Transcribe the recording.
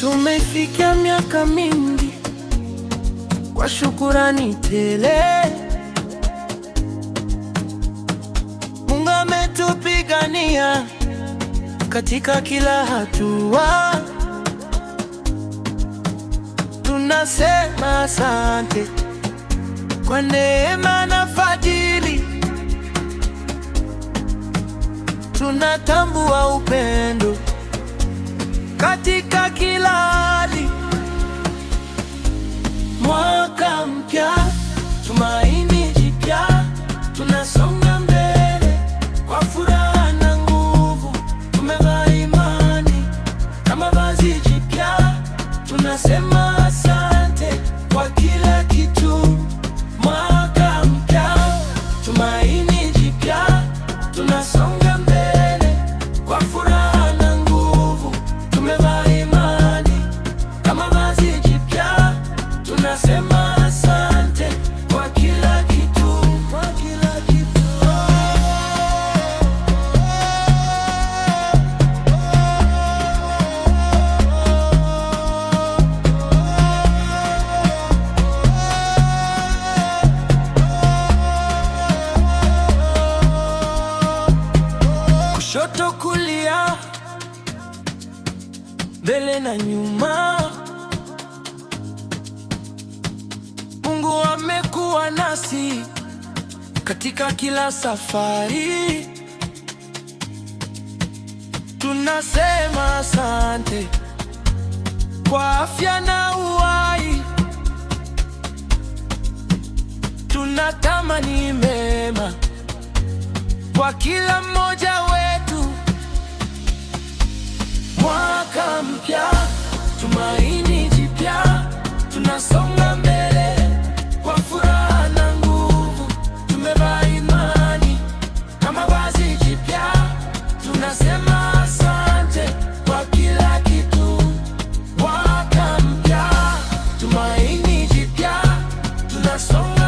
Tumefikia miaka mingi kwa shukurani tele. Mungu ametupigania katika kila hatua. Tunasema asante kwa neema na fadhili, tunatambua upendo katika kila kushoto, kulia, mbele na nyuma. Mungu amekuwa nasi katika kila safari, tunasema asante kwa afya na uhai, tunatamani mema kwa kila are so